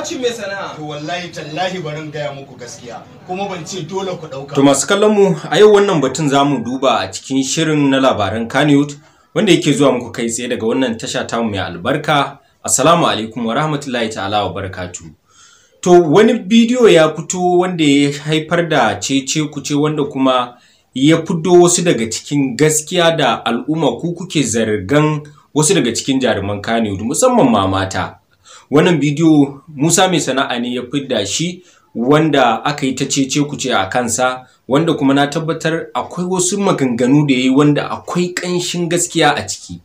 ci mai sana'a. To wallahi tallahi barin gaya muku gaskiya kuma ban ce dole ku ɗauka. To masu kallon mu a yau wannan batun zamu duba a cikin shirin na labaran Kanyut wanda yake zuwa muku kai tsaye daga wannan tasha mu mai albarka. Assalamu alaikum wa rahmatullahi ta'ala wa barakatuh. To wani bidiyo ya fito wanda ya haifar da cece kuce wanda kuma ya fito wasu daga cikin gaskiya da al'umma ku kuke zargan wasu daga cikin jaruman Kannywood musamman ma mata. wannan bidiyo musa mai sana'a ne ya fidda shi wanda aka yi ta cece kuce a kansa wanda kuma na tabbatar akwai wasu maganganu da ya yi wanda akwai ƙanshin gaskiya a ciki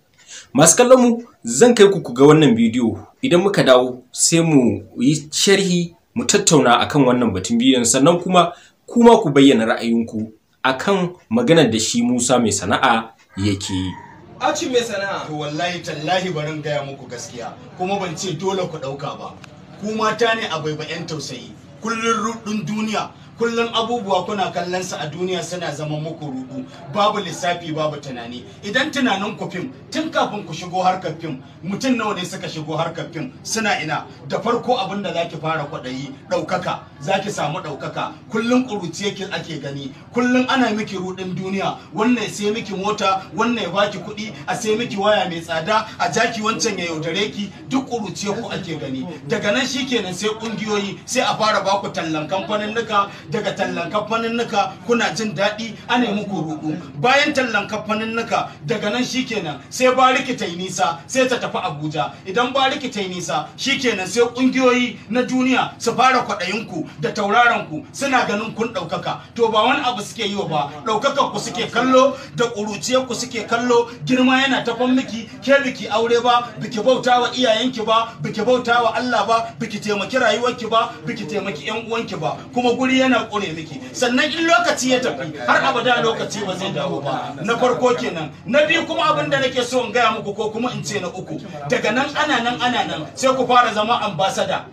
masu kallon mu zan kai ku ga wannan bidiyo idan muka dawo sai mu yi sharhi mu tattauna akan wannan batun bidiyon sannan kuma kuma ku bayyana ra'ayinku akan maganar da shi musa mai sana'a yake yi a mai sana'a to wallahi tallahi barin gaya muku gaskiya kuma ban ce dole ku ɗauka ba ku mata ne a baibayen tausayi kullun ruɗin duniya kullum abubuwa kuna kallon sa a duniya suna zama muku rudu babu lissafi babu tunani idan tunanin ku fim tun kafin ku shigo harkar fim mutum nawa ne suka shigo harkar fim suna ina da farko abin da zaki fara kwaɗayi ɗaukaka zaki samu ɗaukaka kullum kuruci yake ake gani kullum ana miki rudin duniya wannan ya sai miki mota wannan ya baki kuɗi a sai miki waya mai tsada a jaki wancan ya yaudare ki duk kuruci ku ake gani daga nan shikenan sai ƙungiyoyi sai a fara baku tallan kamfanin nuka daga tallan kamfaninnika kuna jin daɗi ana muku roƙo bayan tallan kamfaninnika daga nan shikenan sai bariki ta yi nisa sai ta tafi abuja idan bariki ta yi nisa shikenan sai ƙungiyoyi na duniya su fara ku da tauraron ku suna ganin kun ɗaukaka to ba wani abu suke yi ba ɗaukakar ku suke kallo da ƙuruciyar ku suke kallo girma yana tafan miki ke biki aure ba biki bauta wa iyayenki ba biki bauta wa Allah ba biki taimaki rayuwarki ba biki taimaki ƴan uwanki ba kuma guri yana ina kore miki sannan in lokaci ya tafi har abada lokaci ba zai dawo ba na farko kenan na biyu kuma abin da nake so in gaya muku ko kuma in ce na uku daga nan ana nan ana nan sai ku fara zama ambasada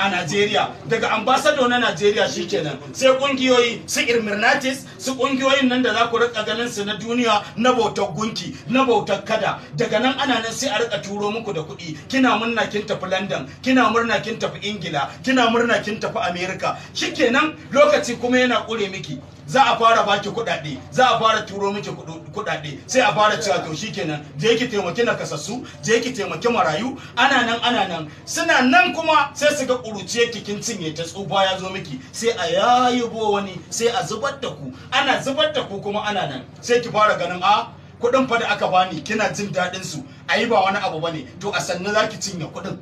a Najeriya daga ambassador na Najeriya shikenan sai kungiyoyi su Irmirnatis su kungiyoyin nan da za ku rika ganin su na duniya na bautar gunki na bautar kada daga nan ana nan sai a rika turo muku da kuɗi kina murna kin tafi London kina murna kin tafi Ingila kina murna kin tafi America shikenan lokaci kuma yana kure miki za a fara baki kuɗaɗe za a fara turo miki kuɗaɗe sai a fara cewa to shikenan je ki taimaki kasassu je ki taimaki marayu ana nan ana nan suna nan kuma sai su ga ƙuruciyar ki kin cinye ta tsufa ya zo miki sai a bo wani sai a zubar da ku ana zubar da ku kuma ana nan sai ki fara ganin a ah, kuɗin fa da aka bani kina jin daɗin su ayi ba wani abu bane to a sanna za ki cinye kuɗin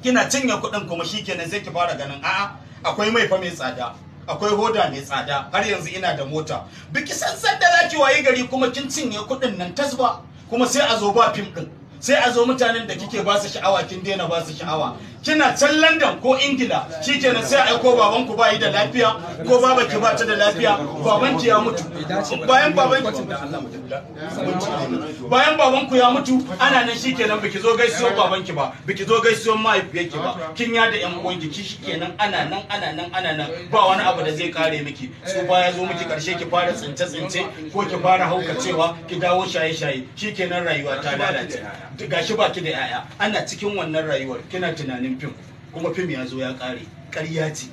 kina cinye kuɗin kuma shikenan sai ki fara ganin a'a akwai mai fa mai tsada akwai hoda mai tsada har yanzu ina da mota biki san san da zaki waye gari kuma kin cinye kuɗin nan tasba kuma sai a zo ba fim din sai a zo mutanen da kike ba su sha'awa kin daina ba su sha'awa kina can London ko Ingila na sai aiko baban ku bayi da lafiya ko baba ki ba ta da lafiya baban ki ya mutu bayan baban bayan baban ku ya mutu ana nan shikenan biki zo gaisuwar baban ki ba biki zo gaisuwar mahaifiyar ki ba kin ya da yan uwan ki ana nan ana nan ana nan ba wani abu da zai kare miki ba ya zo miki karshe ki fara tsince tsince ko ki fara haukacewa ki dawo shaye shaye shikenan rayuwa ta lalace gashi baki da yaya ana cikin wannan rayuwar kina tunanin fim kuma fim ya zo ya kare ƙarya ce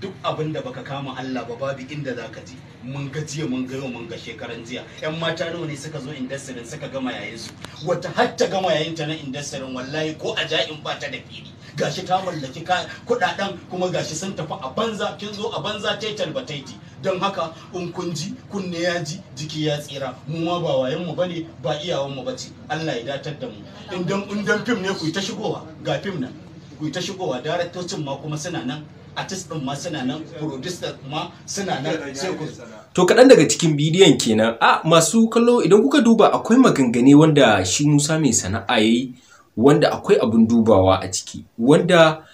duk abin da baka kama Allah ba babu inda za ka je mun ga jiya mun ga yau mun ga shekaran jiya yan mata nawa ne suka zo industry suka gama yayin su wata har gama yayin ta na industry wallahi ko a ja'in ba ta da fili gashi ta mallaki kudaden kuma gashi sun tafi a banza kin zo a banza taitar ba taiti don haka in kun ji kunne ya ji jiki ya tsira mu ma ba wayan mu bane ba iyawan mu bace Allah ya datar da mu in dan in dan fim ne ku ta shigowa ga fim nan ku ta shigowa daraktocin ma kuma suna nan artist din ma suna nan producer ma suna nan sai ku to kaɗan daga cikin bidiyon kenan a masu kallo idan kuka duba akwai maganganu wanda shi musa mai sana'a yayi wanda akwai abun dubawa a ciki wanda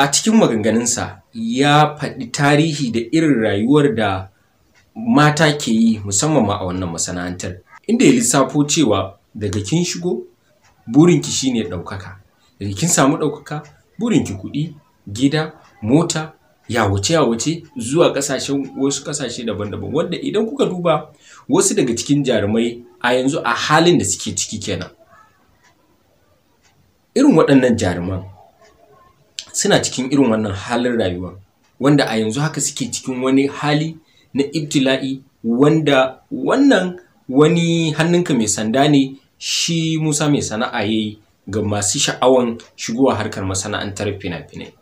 a cikin maganganunsa ya faɗi tarihi da irin rayuwar da mata ke yi musamman ma a wannan masana'antar inda ya lissafo cewa daga kin shigo burinki shine ɗaukaka Eh, kin samu ɗaukaka burin ki kuɗi gida mota yawace yawace zuwa kasashen wasu kasashe daban-daban wanda idan kuka duba wasu daga cikin jarumai a yanzu a halin da suke ciki kenan irin waɗannan jaruman suna cikin irin wannan halin rayuwa wanda a yanzu haka suke cikin wani hali na ibtila'i wanda wannan wani hannunka mai sanda ne shi musa mai sana'a ya yi ga masu sha'awan shigowa harkar masana'antar fina-finai.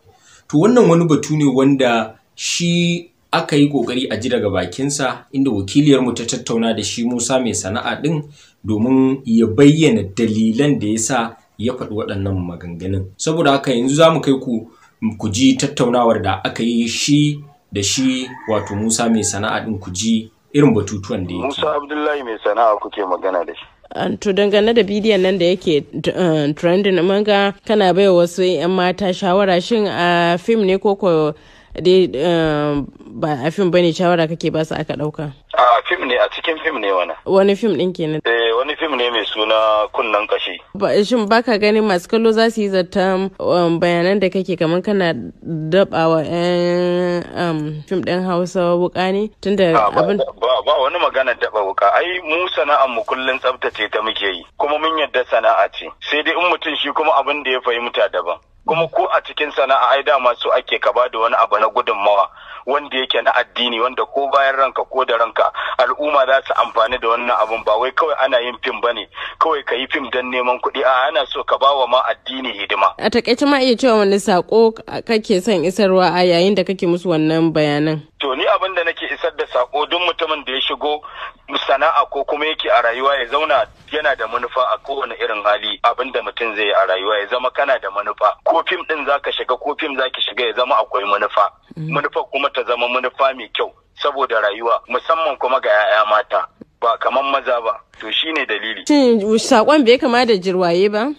To wannan wani batu ne wanda shi aka yi ƙoƙari a ji daga bakinsa inda wakiliyarmu ta tattauna da shi Musa mai sana'a ɗin domin ya bayyana dalilan da ya sa ya faɗi waɗannan maganganun. Saboda haka yanzu za mu kai ku ku ji tattaunawar da aka yi shi da shi wato Musa mai sana'a ɗin ku ji irin batutuwan da yake. Musa Abdullahi mai sana'a kuke magana da shi. to dangane da bidiyon nan da yake eh, trending manga kana bai wasu 'yan mata shawara shin a fim ne ko dai eh, ba a fim bane shawara kake ba su aka dauka a fim ne a cikin fim ne wani wani fim din kenan fim ne mai suna kunnen kashi. Shin baka ganin masu kallo za su yi zaton um, bayanan da kake kamar kana dabawa 'yan um, fim ɗin Hausa wuka ne tunda abin. Ba wani magana daba wuka ai mu sana'ar mu kullum tsaftace ta muke yi kuma mun yadda sana'a ce sai dai in mutum shi kuma abin da ya fahimta daban. kuma ko a cikin sana'a ai dama so ake ka ba da wani abu na gudunmawa wanda yake na addini wanda ko bayan ranka ko da ranka al'umma za su amfani da wannan abun ba wai kawai ana yin fim ba ne? kawai ka yi fim don neman kuɗi a ana so ka bawa ma addini hidima a takaice ma iya cewa wani sako kake son isarwa a yayin da kake musu wannan bayanan to ni abin da nake isar da sako duk mutumin da ya shigo sana'a ko kuma yake a rayuwa ya zauna yana da manufa a kowane irin hali abin da mutum zai yi a rayuwa ya zama kana da manufa fim din zaka shiga ko fim zaki shiga ya zama akwai manufa mm. manufa kuma ta zama manufa mai kyau saboda rayuwa musamman kuma ga 'ya'ya mata ba kamar maza ba to shine dalili shin sakon bai kama da jirwaye ba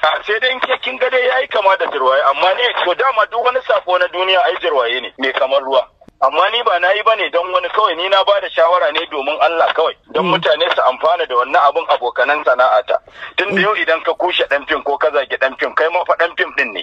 a sai dai ke kin ga dai yayi kama da jirwaye amma ne to dama duk wani sako na duniya ai jirwaye ne mai kamar ruwa amma ni ba na yi ba ne don wani kawai ni na bada shawara ne domin Allah kawai don mm. mutane su amfana da wannan abun abokanan sana'ata tun da mm. yau idan ka kushe dan fim ko ka zagi dan fim kai ma fa dan fim din ne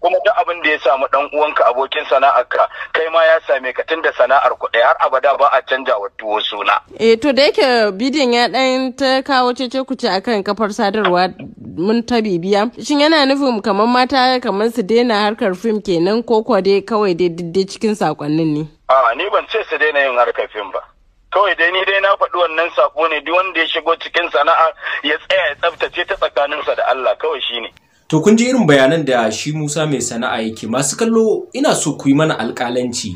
kuma duk abin da ya samu dan uwanka abokin sana'arka kai ma ya same ka tun da sana'ar ku har abada ba a canja wa tuwo suna eh to da yake bidiyon ya dan ta kawo cece kuce akan kafar sadarwa mun ta bibiya shin yana nufin kamar mata kamar su daina harkar fim kenan ko kuwa dai kawai dai diddai cikin sakonnin ne a ni ban ce su daina yin harkar fim ba kawai dai ni dai na faɗi wannan sako ne duk wanda ya shigo cikin sana'a ya tsaya ya tsaftace ta tsakaninsa da Allah kawai shine To kun ji irin bayanan da shi Musa mai sana'a yake masu kallo ina so ku yi mana alƙalanci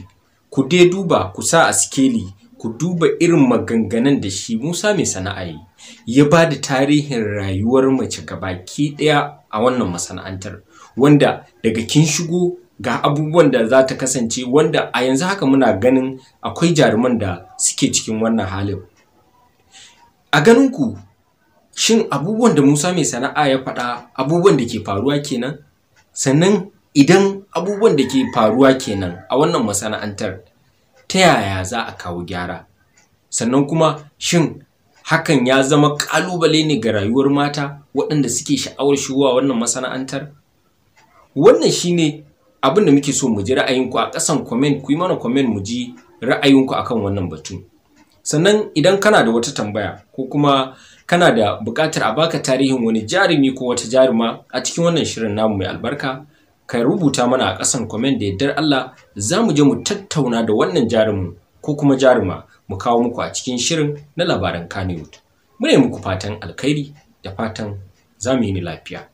ku dai duba ku sa a sikeli ku duba irin maganganun da shi Musa mai sana'a yi ya ba da tarihin rayuwar mace gaba ke ɗaya a wannan masana'antar wanda daga kin shigo ga abubuwan da za ta kasance wanda a yanzu haka muna ganin akwai jaruman da suke cikin wannan halin a ganin ku shin abubuwan da Musa mai sana'a ya faɗa abubuwan da ke faruwa kenan sannan idan abubuwan da ke faruwa kenan a wannan masana'antar ta yaya za a kawo gyara sannan kuma shin hakan ya zama ƙalubale ne ga rayuwar mata waɗanda suke sha'awar shigowa wannan masana'antar wannan shine abin da muke so mu ji ra'ayinku a ƙasan comment ku yi mana comment mu ji ra'ayinku akan wannan batu sannan idan kana da wata tambaya ko kuma kana da buƙatar a baka tarihin wani jarumi ko wata jaruma a cikin wannan shirin namu mai albarka Kai rubuta mana a ƙasan comment da yardar Allah za mu je mu tattauna da wannan jarumin ko kuma jaruma mu kawo muku a cikin shirin na labaran Kannywood. Mune muku fatan alkhairi da fatan za mu yi ni lafiya.